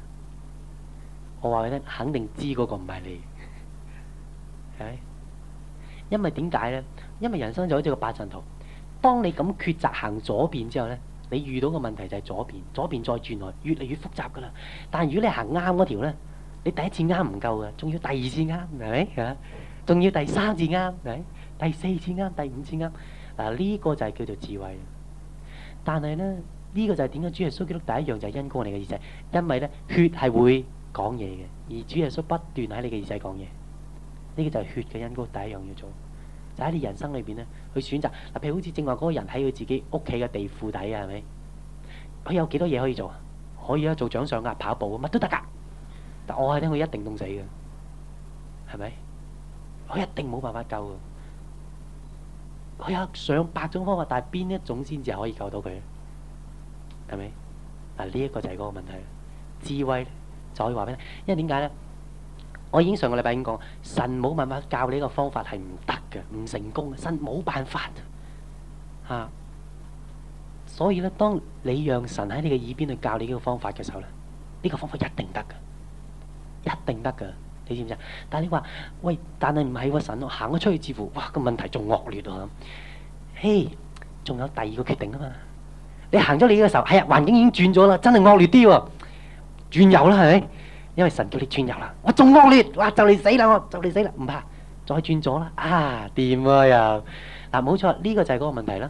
我話俾你聽，肯定知嗰個唔係你，係咪？因為點解呢？因為人生就好似個八陣圖，當你咁抉擇行左邊之後呢，你遇到個問題就係左邊，左邊再轉來，越嚟越複雜噶啦。但如果你行啱嗰條呢，你第一次啱唔夠噶，仲要第二次啱，係咪？仲要第三次啱，係咪？第四次啱，第五次啱。嗱，呢個就係叫做智慧。但係呢。呢個就係點解主耶穌基督第一樣就係恩膏你嘅耳仔，因為咧血係會講嘢嘅，而主耶穌不斷喺你嘅耳仔講嘢。呢、這個就係血嘅恩膏第一樣要做，就喺、是、你人生裏邊咧去選擇。嗱，譬如好似正話嗰個人喺佢自己屋企嘅地庫底啊，係咪？佢有幾多嘢可以做？可以啊，做掌上壓，跑步乜都得噶。但我係聽佢一定凍死嘅，係咪？佢一定冇辦法救㗎。佢有上百種方法，但係邊一種先至可以救到佢咧？係咪？嗱，呢、這、一個就係嗰個問題。智慧就可以話俾你，因為點解呢？我已經上個禮拜已經講，神冇辦法教你呢個方法係唔得嘅，唔成功嘅，神冇辦法的啊。所以呢，當你讓神喺你嘅耳邊去教你呢個方法嘅時候呢，呢、這個方法一定得嘅，一定得嘅，你知唔知啊？但係你話，喂，但係唔係個神，我行咗出去似乎，哇，個問題仲惡劣啊！嘿，仲有第二個決定啊嘛。你行咗你嘅時候，哎呀，環境已經轉咗啦，真係惡劣啲喎，轉右啦，係咪？因為神叫你轉右啦，我仲惡劣，哇，就嚟死啦我，就嚟死啦，唔怕，再轉左啦，啊，掂啊又，嗱冇錯，呢個就係嗰個問題啦。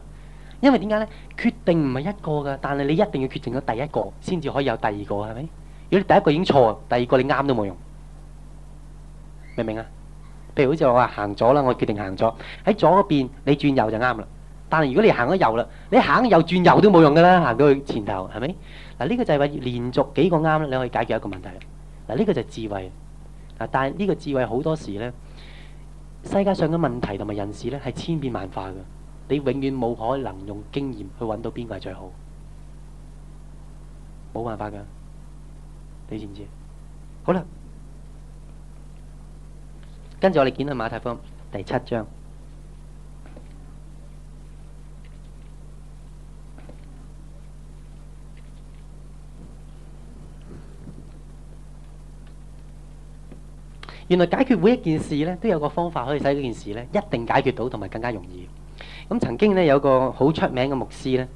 因為點解咧？決定唔係一個噶，但係你一定要決定咗第一個，先至可以有第二個，係咪？如果你第一個已經錯，第二個你啱都冇用，明唔明啊？譬如好似我話行咗啦，我決定行咗，喺左邊你轉右就啱啦。但係如果你行咗右啦，你行咗右轉右都冇用噶啦，行到去前頭，係咪？嗱呢個就係連續幾個啱咧，你可以解決一個問題。嗱呢個就係智慧。嗱，但係呢個智慧好多時咧，世界上嘅問題同埋人事咧係千變萬化噶，你永遠冇可能用經驗去揾到邊個係最好，冇辦法噶。你知唔知？好啦，跟住我哋見到馬太福音第七章。原來解決每一件事咧，都有個方法可以使呢件事咧一定解決到同埋更加容易。咁曾經咧有個好出名嘅牧師咧，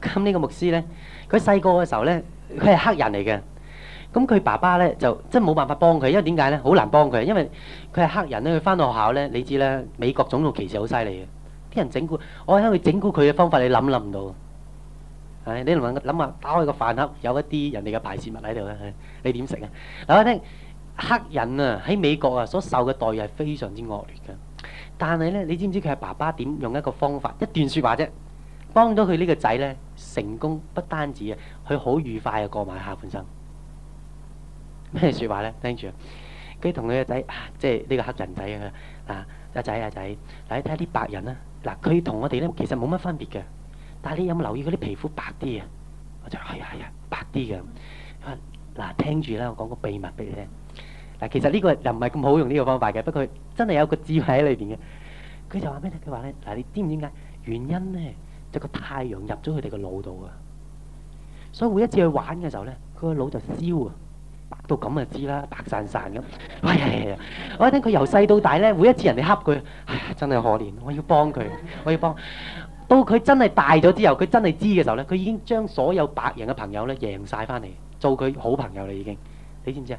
咁呢個牧師咧，佢細個嘅時候咧，佢係黑人嚟嘅。咁佢爸爸咧就真係冇辦法幫佢，因為點解咧？好難幫佢，因為佢係黑人咧。佢翻到學校咧，你知咧，美國種族歧視好犀利嘅，啲人整蠱。我喺度整蠱佢嘅方法，你諗諗唔到。誒，你諗諗下，打開個飯盒，有一啲人哋嘅排泄物喺度嘅，你點食啊？嗱，我聽。黑人啊，喺美國啊所受嘅待遇係非常之惡劣嘅。但係咧，你知唔知佢嘅爸爸點用一個方法？一段說話啫，幫咗佢呢個仔咧成功不單止啊，佢好愉快啊過埋下半生。咩說話咧？聽住，佢同佢個仔，即係呢個黑人仔啊，啊阿仔阿仔，嚟睇下啲白人啊。嗱、啊，佢同我哋咧其實冇乜分別嘅，但係你有冇留意嗰啲皮膚白啲啊？我就係啊係啊，白啲嘅。嗱，聽住啦，我講個秘密俾你聽。嗱，其實呢個又唔係咁好用呢個方法嘅，不過真係有個智慧喺裏邊嘅。佢就話咩咧？佢話咧，嗱，你知唔知點解？原因咧，就個太陽入咗佢哋個腦度啊！所以每一次去玩嘅時候咧，佢個腦就燒啊，白到咁就知啦，白散散咁。係啊係啊！我一聽佢由細到大咧，每一次人哋恰佢，唉，真係可憐，我要幫佢，我要幫。到佢真係大咗之後，佢真係知嘅時候咧，佢已經將所有白人嘅朋友咧贏晒翻嚟，做佢好朋友啦已經。你知唔知啊？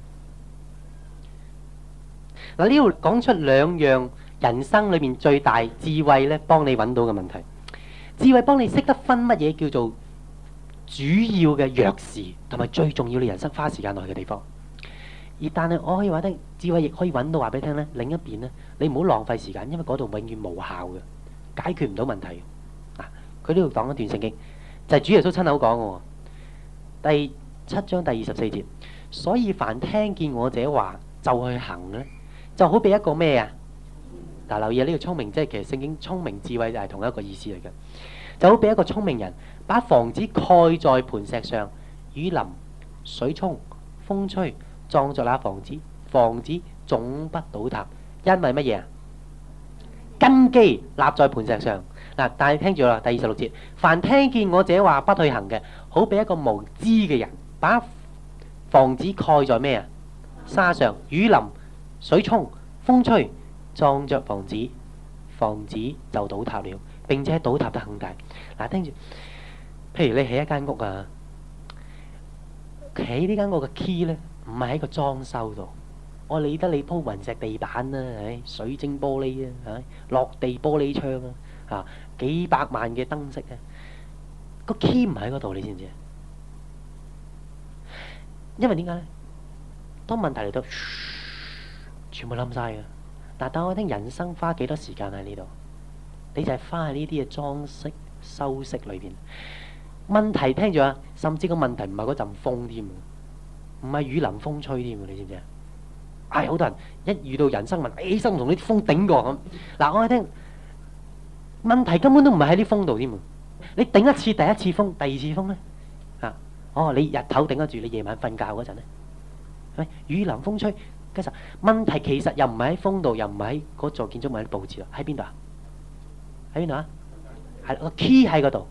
嗱，呢度講出兩樣人生裏面最大智慧咧，幫你揾到嘅問題。智慧幫你識得分乜嘢叫做主要嘅弱視，同埋最重要你人生花時間落去嘅地方。而但係我可以話得智慧亦可以揾到話俾你聽呢，另一邊呢，你唔好浪費時間，因為嗰度永遠無效嘅，解決唔到問題嘅。佢呢度講一段聖經，就係主耶穌親口講嘅，第七章第二十四節，所以凡聽見我這話就去行呢就好比一個咩啊？嗱，留意呢個聰明，即係其實聖經聰明智慧就係同一個意思嚟嘅。就好比一個聰明人，把房子蓋在磐石上，雨淋、水沖、風吹，撞著那房子，房子總不倒塌，因為乜嘢啊？根基立在磐石上嗱。但係聽住啦，第二十六節，凡聽見我這話不去行嘅，好比一個無知嘅人，把房子蓋在咩啊？沙上，雨淋。水沖、風吹，撞着房子，房子就倒塌了，並且倒塌得很大。嗱，聽住，譬如你喺一間屋啊，企呢間屋嘅 key 呢，唔係喺個裝修度，我理得你鋪雲石地板啊，水晶玻璃啊，落地玻璃窗啊，嚇，幾百萬嘅燈飾啊，個 key 唔喺嗰度，你知唔知啊？因為點解呢？當問題嚟到。全部冧曬嘅，但，但我聽人生花幾多時間喺呢度？你就係花喺呢啲嘅裝飾、修飾裏邊。問題聽住啊，甚至個問題唔係嗰陣風添，唔係雨淋風吹添，你知唔知啊？唉好多人一遇到人生問，起身同啲風頂過咁。嗱，我聽問題根本都唔係喺啲風度添，你頂一次第一次風，第二次風咧啊？哦，你日頭頂得住，你夜晚瞓覺嗰陣咧，係咪？雨淋風吹。其實問題其實又唔喺風度，又唔喺嗰座建築物啲佈置咯，喺邊度啊？喺邊度啊？係個 key 喺嗰度，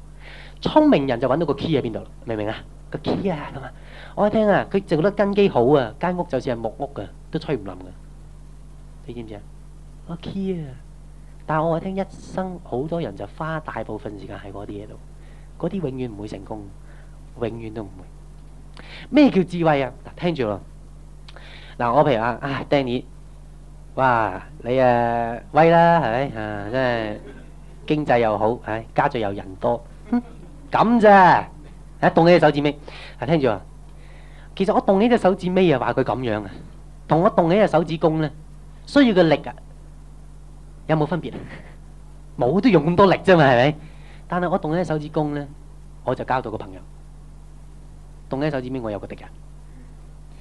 聰明人就揾到個 key 喺邊度，明唔明啊？個 key 啊咁啊！我一聽啊，佢淨覺得根基好啊，間屋就算係木屋嘅都吹唔冧嘅，你知唔知啊？個 key 啊！但係我一聽一生好多人就花大部分時間喺嗰啲嘢度，嗰啲永遠唔會成功，永遠都唔會。咩叫智慧啊？嗱，聽住喎。嗱我譬如話，啊 Danny，哇你誒威啦，係咪啊真係經濟又好，係家境又人多，咁咋？啊動起隻手指尾，啊聽住話，其實我動起隻手指尾啊話佢咁樣啊，同我動起隻手指公咧，需要嘅力啊有冇分別啊？冇都用咁多力啫嘛，係咪？但係我動起隻手指公咧，我就交到個朋友；動起手指尾我有個敵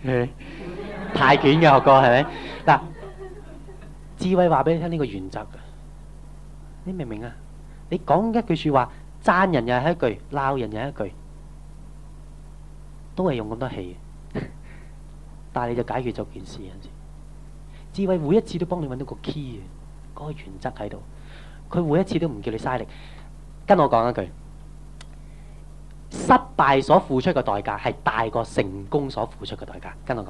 人。係。泰拳嘅學過係咪？嗱，智慧話俾你聽呢個原則，你明唔明啊？你講一句說話，讚人又係一句，鬧人又係一句，都係用咁多氣但係你就解決咗件事。智慧每一次都幫你揾到一個 key 嘅，個原則喺度。佢每一次都唔叫你嘥力。跟我講一句，失敗所付出嘅代價係大過成功所付出嘅代價。跟我講。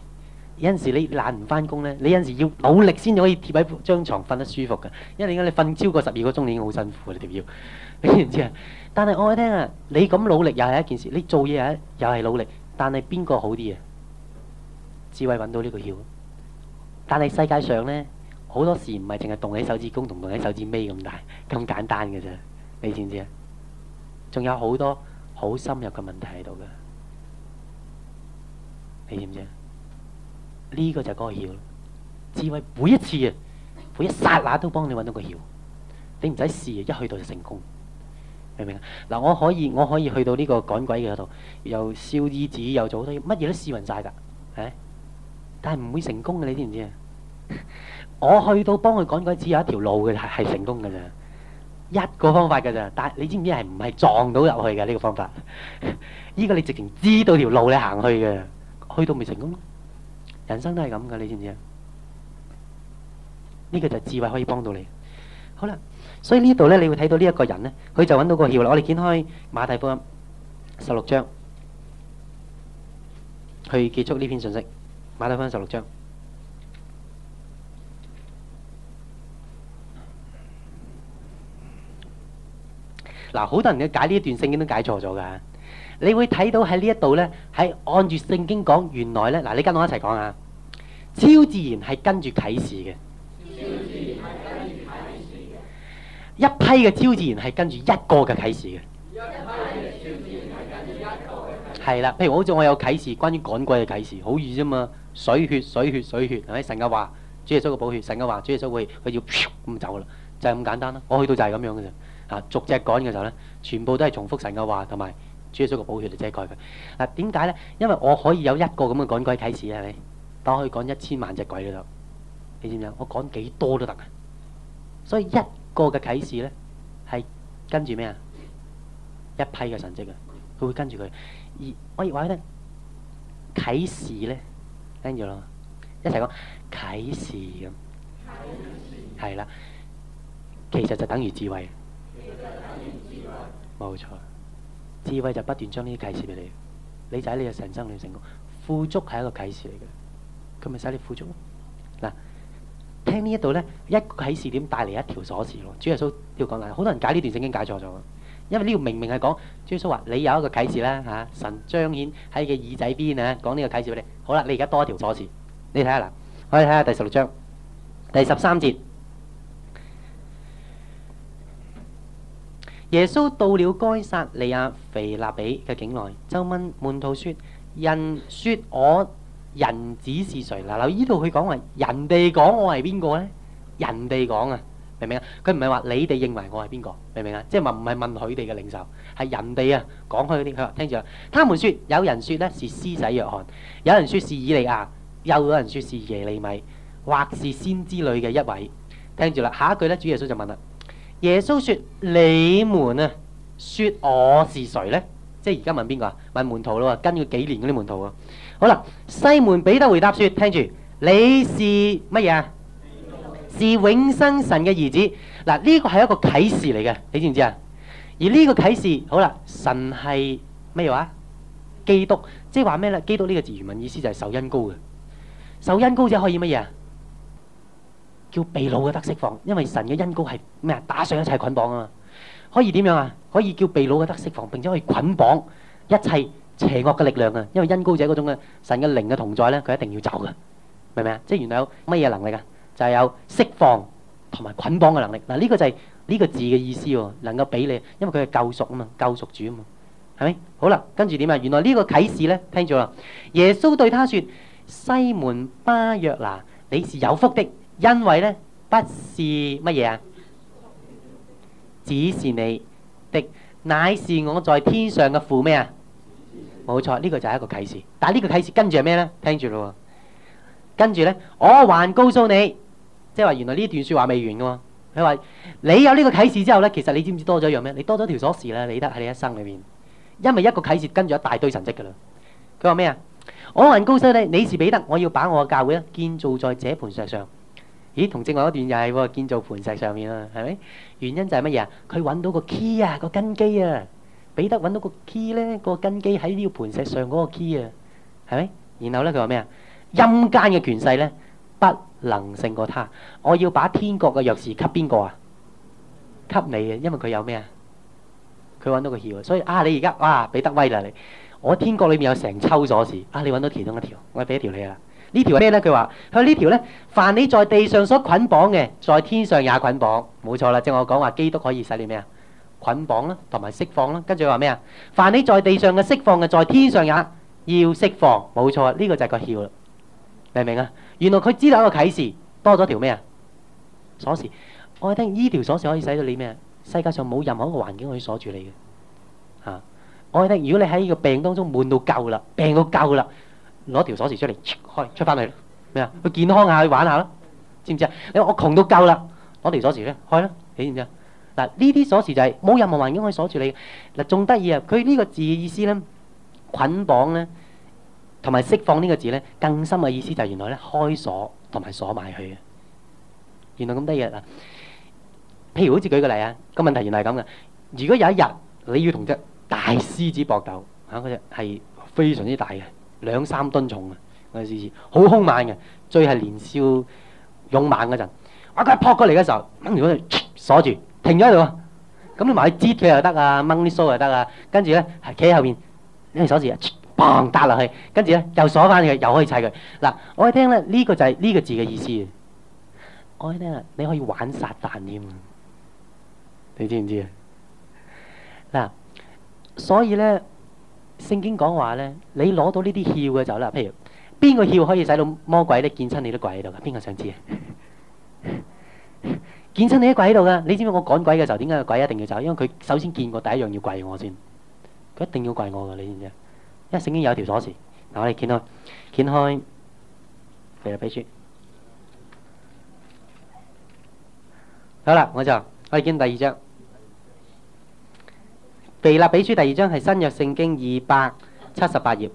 有陣時你懶唔翻工呢，你有陣時要努力先至可以貼喺張床瞓得舒服嘅，因為點解你瞓超過十二個鐘已經好辛苦啦，條腰，你知唔知啊？但係我聽啊，你咁努力又係一件事，你做嘢又係努力，但係邊個好啲嘅？智慧揾到呢個竅？但係世界上呢，好多事唔係淨係動起手指公同動起手指尾咁大咁簡單嘅啫，你知唔知啊？仲有好多好深入嘅問題喺度嘅，你知唔知啊？呢個就係個竅，智慧每一次啊，每一剎那都幫你揾到個竅，你唔使試啊，一去到就成功，明唔明啊？嗱，我可以，我可以去到呢個趕鬼嘅嗰度，又燒衣紙，又做好多乜嘢都試勻晒㗎，但係唔會成功嘅，你知唔知啊？ 我去到幫佢趕鬼，只有一條路嘅，係成功嘅啫，一個方法嘅咋，但係你知唔知係唔係撞到入去嘅呢、這個方法？呢 家你直情知道條路你行去嘅，去到未成功？人生都係咁噶你知唔知啊？呢個就智慧可以幫到你。好啦，所以呢度咧，你會睇到呢一個人咧，佢就揾到個竅嚟。我哋掀開馬太福音十六章，去結束呢篇信息。馬太福音十六章，嗱，好多人嘅解呢一段聖經都解錯咗噶你會睇到喺呢一度呢，係按住聖經講，原來呢，嗱，你跟我一齊講啊，超自然係跟住啟示嘅，一批嘅超自然係跟住一個嘅啟示嘅，係啦，譬如好似我有啟示關於趕鬼嘅啟示，好易啫嘛，水血水血水血係咪？神嘅話，主耶穌嘅寶血，神嘅話，主耶穌會，佢要咁走啦，就係、是、咁簡單啦。我去到就係咁樣嘅啫，吓逐隻趕嘅時候呢，全部都係重複神嘅話同埋。追咗做一個補血嚟，即係遮蓋佢。嗱，點解咧？因為我可以有一個咁嘅趕鬼啟示啊，係咪？但我可以趕一千萬隻鬼嗰度，你知唔知啊？我趕幾多都得啊！所以一個嘅啟示咧，係跟住咩啊？一批嘅神蹟啊，佢會跟住佢。而我以話咧，啟示咧，跟住咯，一齊講啟示咁，係啦示，其實就等於智慧。冇錯。沒錯智慧就不斷將呢啲啟示俾你，你，你就喺你嘅神爭領成功，富足係一個啟示嚟嘅，咁咪使你富足咯？嗱，聽呢一度咧，一個啟示點帶嚟一條鎖匙咯。主耶穌要講嘅，好多人解呢段聖經解錯咗，因為呢度明明係講主耶穌話，啊、你有一個啟示啦，吓神彰顯喺你嘅耳仔邊啊，講呢個啟示俾你。好啦，你而家多一條鎖匙，你睇下嗱，可以睇下第十六章，第十三節。耶穌到了該撒利亞腓立比嘅境內，就問門徒説：人説我人子是誰？嗱，喺依度佢講話，人哋講我係邊個咧？人哋講啊，明唔明啊？佢唔係話你哋認為我係邊個，明唔明啊？即係問唔係問佢哋嘅領袖，係人哋啊講佢嗰啲。佢話聽住啦，他們説有人説咧是施洗約翰，有人説是以利亞，又有人説是耶利米，或是先知類嘅一位。聽住啦，下一句咧，主耶穌就問啦。耶穌說：你們啊，說我是誰呢？即係而家問邊個啊？問門徒咯，跟佢幾年嗰啲門徒啊。好啦，西門彼得回答說：聽住，你是乜嘢啊？是永生神嘅兒子。嗱，呢個係一個啟示嚟嘅，你知唔知啊？而呢個啟示，好啦，神係咩話？基督，即係話咩呢？基督呢個字原文意思就係受恩膏嘅，受恩膏者可以乜嘢啊？叫被擄嘅得釋放，因為神嘅恩膏係咩啊？打碎一切捆綁啊嘛！可以點樣啊？可以叫被擄嘅得釋放，並且可以捆綁一切邪惡嘅力量啊！因為恩膏者嗰種嘅神嘅靈嘅同在咧，佢一定要走嘅，明唔明啊？即係原來有乜嘢能力啊？就係有釋放同埋捆綁嘅能力嗱。呢個就係呢個字嘅意思喎，能夠俾你，因為佢係救贖啊嘛，救贖主啊嘛，係咪？好啦，跟住點啊？原來呢個啟示咧，聽咗啊？耶穌對他說：西門巴約拿，你是有福的。因為咧，不是乜嘢啊？只是你的，乃是我在天上嘅父咩啊？冇錯，呢個就係一個啟示。但係呢個啟示跟住係咩呢？聽住咯，跟住呢，我還告訴你，即係話原來呢段話說話未完噶嘛佢話你有呢個啟示之後呢，其實你知唔知多咗一樣咩？你多咗條鎖匙啦，你得喺你一生裏面，因為一個啟示跟住一大堆神蹟噶啦。佢話咩啊？我還告訴你，你是彼得，我要把我嘅教會咧建造在這磐石上。咦，同正話一段又係喎，建造磐石上面啊，係咪？原因就係乜嘢啊？佢揾到個 key 啊，個根基啊。彼得揾到個 key 咧，個根基喺呢個磐石上嗰個 key 啊，係咪？然後咧，佢話咩啊？陰間嘅權勢咧，不能勝過他。我要把天國嘅鑰匙給邊個啊？給你啊，因為佢有咩啊？佢揾到個 key 啊，所以啊，你而家哇，彼得威啦你。我天國裏面有成抽鎖匙，啊，你揾到其中一條，我俾一條你啊！呢條係咩咧？佢話：佢話呢條咧，凡你在地上所捆綁嘅，在天上也捆綁，冇錯啦。即係我講話，基督可以使你咩啊？捆綁啦，同埋釋放啦。跟住話咩啊？凡你在地上嘅釋放嘅，在天上也要釋放，冇錯。呢個就係個竅啦，明唔明啊？原來佢知道一個啟示，多咗條咩啊？鎖匙。我聽呢條鎖匙可以使到你咩啊？世界上冇任何一個環境可以鎖住你嘅。嚇！我聽如果你喺呢個病當中悶到夠啦，病到夠啦。攞條鎖匙出嚟，開出翻去，咩啊？去健康下，去玩下咯，知唔知啊？你我窮到夠啦，攞條鎖匙咧，開啦，知唔知啊？嗱，呢啲鎖匙就係冇任何環境可以鎖住你。嗱，仲得意啊！佢呢個字嘅意思咧，捆綁咧，同埋釋放呢個字咧，更深嘅意思就係原來咧開鎖同埋鎖埋去嘅。原來咁得意啊！譬如好似舉個例啊，個問題原來係咁嘅。如果有一日你要同隻大獅子搏鬥嚇，嗰隻係非常之大嘅。兩三噸重啊！我哋知唔知？好兇猛嘅，最係年少勇猛嗰陣。哇！佢一撲過嚟嘅時候，掹住嗰度鎖住，停咗喺度。咁你咪去折佢又得啊，掹啲鬚又得啊。跟住咧，係企喺後邊，拎住鎖匙啊，bang 搭落去。跟住咧，又鎖翻佢，又可以砌佢。嗱，我哋聽咧呢個就係呢個字嘅意思。我哋聽啦，你可以玩撒旦添。你知唔知啊？嗱，所以咧。聖經講話咧，你攞到呢啲竅嘅就啦。譬如邊個竅可以使到魔鬼咧，見親你都跪喺度噶？邊個想知啊？見親你都跪喺度噶？你知唔知我趕鬼嘅時候點解個鬼一定要走？因為佢首先見過第一樣要跪我先，佢一定要跪我噶，你知唔知？因為聖經有條鎖匙，嗱，我哋掀開，掀開嚟啊！比説好啦，我就我哋見第二張。腓立比書第二章係新約聖經二百七十八頁，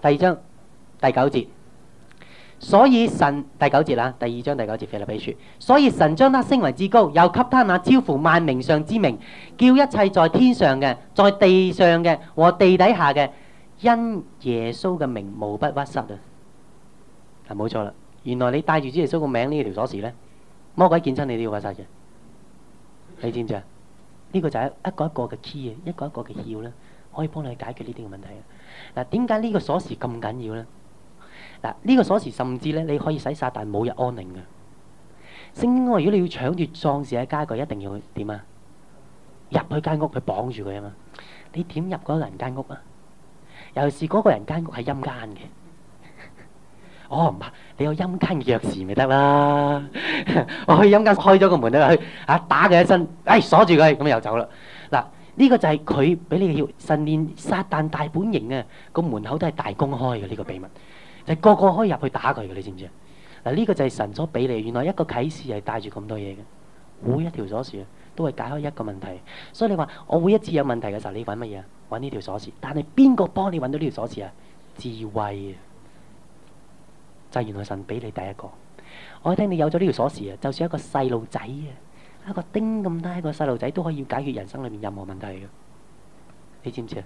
第二章第九節，所以神第九節啦，第二章第九節腓立比書，所以神將他升為至高，又給他那超乎萬名上之名，叫一切在天上嘅，在地上嘅和地底下嘅，因耶穌嘅名無不屈膝啊！係冇錯啦。原來你帶住主耶穌個名呢條鎖匙咧，魔鬼見親你都要毀曬嘅。你知唔知啊？呢個就係一個一個嘅 key 啊，一個一個嘅 key 啦，可以幫你解決呢啲嘅問題啊。嗱，點解呢個鎖匙咁緊要咧？嗱，呢個鎖匙甚至咧你可以使撒但冇日安寧嘅。聖經，如果你要搶奪壯士嘅家具，一定要點啊？入去間屋去綁住佢啊嘛。你點入嗰個人間屋啊？尤其是嗰個人間屋係陰間嘅。哦唔怕，你有陰間嘅鎖匙咪得啦！我去陰間開咗個門就去，嚇打佢一身，哎鎖住佢，咁又走啦。嗱，呢、呢個就係佢俾你嘅神念。撒旦大本營啊！呢個門口都係大公開嘅呢、呢個秘密，就係、個個可以入去打佢嘅，你知唔知啊？嗱，呢、呢個就係神所俾你，原來一個啟示係帶住咁多嘢嘅。每一條鎖匙都係解開一個問題，所以你話我每一次有問題嘅時候，你揾乜嘢啊？揾呢條鎖匙，但係邊個幫你揾到呢條鎖匙啊？智慧啊！就係原來神俾你第一個，我聽你有咗呢條鎖匙啊！就算一個細路仔啊，一個丁咁低個細路仔都可以解決人生裏面任何問題嘅。你知唔知啊？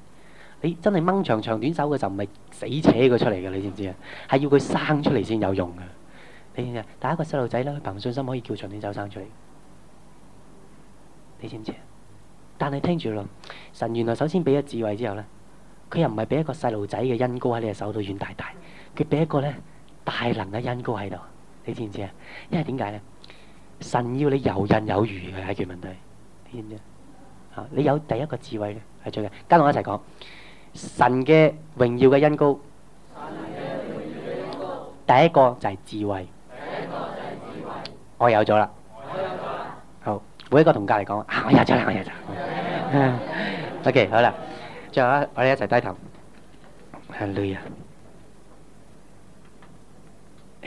你真係掹長長短手嘅時候唔係死扯佢出嚟嘅，你知唔知啊？係要佢生出嚟先有用嘅。你知唔知啊？第一個細路仔咧，佢憑信心可以叫長短手生出嚟，你知唔知啊？但係聽住咯，神原來首先俾咗智慧之後咧，佢又唔係俾一個細路仔嘅恩膏喺你嘅手度軟大大，佢俾一個咧。大能嘅恩膏喺度，你知唔知啊？因為點解咧？神要你遊刃有餘去解決問題，知唔知啊？啊，你有第一個智慧咧係最緊要，跟我一齊講神嘅榮耀嘅恩膏，第一個就係智慧，我有咗啦。好，每一個同隔離講我有咗啦，我有咗，OK，好啦，最後咧我哋一齊低頭，係累啊！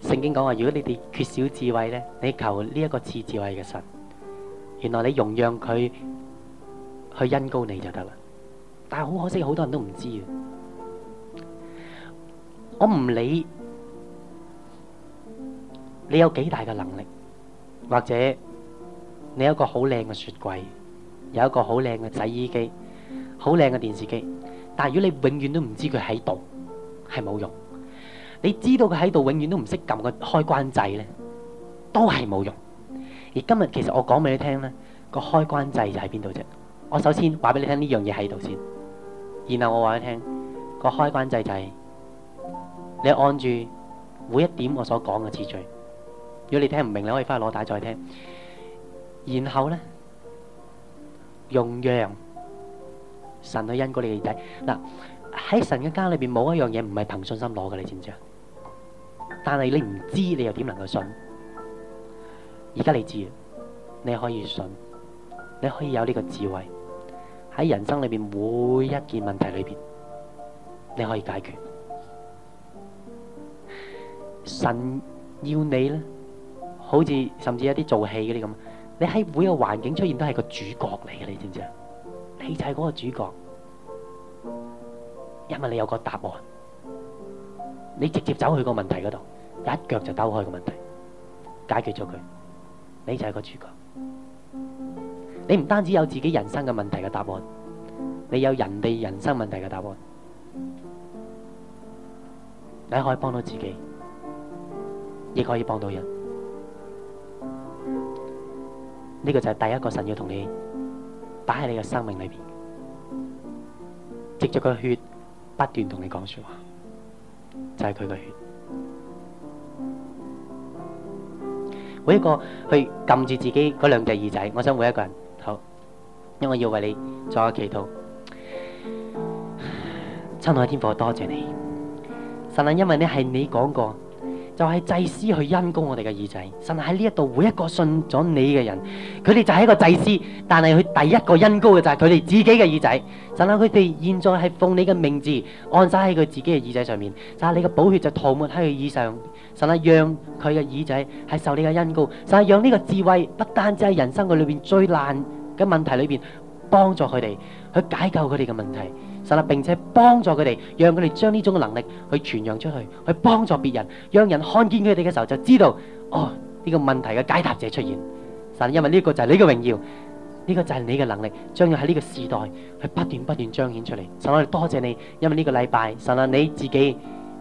聖經講話，如果你哋缺少智慧呢，你求呢一個賜智慧嘅神，原來你容讓佢去升高你就得啦。但係好可惜，好多人都唔知啊！我唔理你有幾大嘅能力，或者你有一個好靚嘅雪櫃，有一個好靚嘅洗衣機，好靚嘅電視機，但係如果你永遠都唔知佢喺度，係冇用。你知道佢喺度永遠都唔識撳個開關掣咧，都係冇用。而今日其實我講俾你聽咧，個開關掣就喺邊度啫。我首先話俾你聽呢樣嘢喺度先，然後我話你聽個開關掣就係你按住每一點我所講嘅次序。如果你聽唔明咧，你可以翻去攞帶再聽。然後咧，用樣神去印過你耳仔嗱，喺神嘅家裏邊冇一樣嘢唔係憑信心攞嘅，你知唔知啊？但係你唔知，你又點能夠信？而家你知，你可以信，你可以有呢個智慧喺人生裏邊每一件問題裏邊，你可以解決。神要你呢，好似甚至有啲做戲嗰啲咁，你喺每個環境出現都係個主角嚟嘅，你知唔知啊？你就係嗰個主角，因為你有個答案。你直接走去個問題嗰度，一腳就兜開個問題，解決咗佢。你就係個主角。你唔單止有自己人生嘅問題嘅答案，你有人哋人生問題嘅答案，你可以幫到自己，亦可以幫到人。呢個就係第一個神要同你擺喺你嘅生命裏邊，藉着個血不斷同你講說話。就係佢個血，每一個去撳住自己嗰兩隻耳仔，我想每一個人，好，因為我要為你做個祈禱。親愛的天父，多謝你，神啊，因為呢你係你講過。就係祭司去恩膏我哋嘅耳仔，神喺呢一度每一個信咗你嘅人，佢哋就係一個祭司，但係佢第一個恩膏嘅就係佢哋自己嘅耳仔，神啊，佢哋現在係奉你嘅名字按晒喺佢自己嘅耳仔上面，神啊，你嘅寶血就塗抹喺佢耳上，神啊，讓佢嘅耳仔係受你嘅恩膏，神啊，讓呢個智慧不單止喺人生嘅裏邊最難嘅問題裏邊幫助佢哋去解救佢哋嘅問題。神啊，並且幫助佢哋，讓佢哋將呢種嘅能力去傳揚出去，去幫助別人，讓人看見佢哋嘅時候就知道，哦，呢個問題嘅解答者出現。神啊，因為呢個就係你嘅榮耀，呢個就係你嘅能力，將要喺呢個時代去不斷不斷彰顯出嚟。神啊，我哋多謝你，因為呢個禮拜，神啊，你自己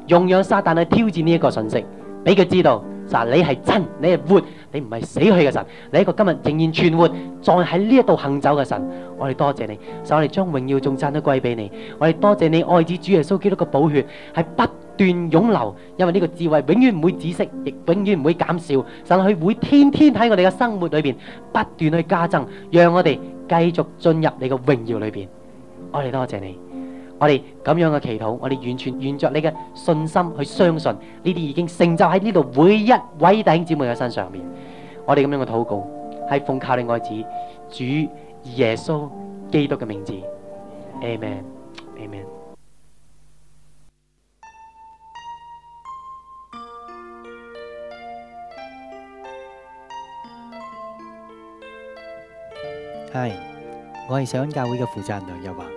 容讓撒旦去挑戰呢一個信息。俾佢知道，嗱，你係真，你係活，你唔係死去嘅神，你一個今日仍然存活，再喺呢一度行走嘅神，我哋多謝你，所以我哋將榮耀仲讚咗歸俾你，我哋多謝你愛子主耶穌基督嘅寶血係不斷湧流，因為呢個智慧永遠唔會止息，亦永遠唔會減少，神佢會天天喺我哋嘅生活裏邊不斷去加增，讓我哋繼續進入你嘅榮耀裏邊，我哋多謝你。我哋咁樣嘅祈禱，我哋完全沿著你嘅信心去相信，呢啲已經成就喺呢度每一位弟兄姊妹嘅身上面。我哋咁樣嘅禱告，係奉靠你愛子主耶穌基督嘅名字。Amen，Amen。係，我係錫安教會嘅負責人梁日華。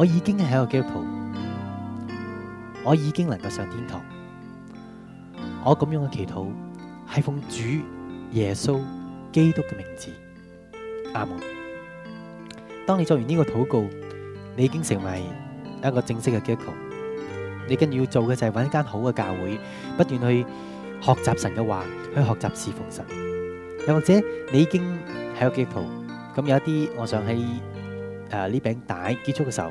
我已經係一個基督徒，我已經能夠上天堂。我咁樣嘅祈禱係奉主耶穌基督嘅名字，阿門。當你作完呢個禱告，你已經成為一個正式嘅基督徒。你更要做嘅就係揾一間好嘅教會，不斷去學習神嘅話，去學習侍奉神。又或者你已經係一個基督徒，咁有一啲，我想喺誒呢餅帶結束嘅時候。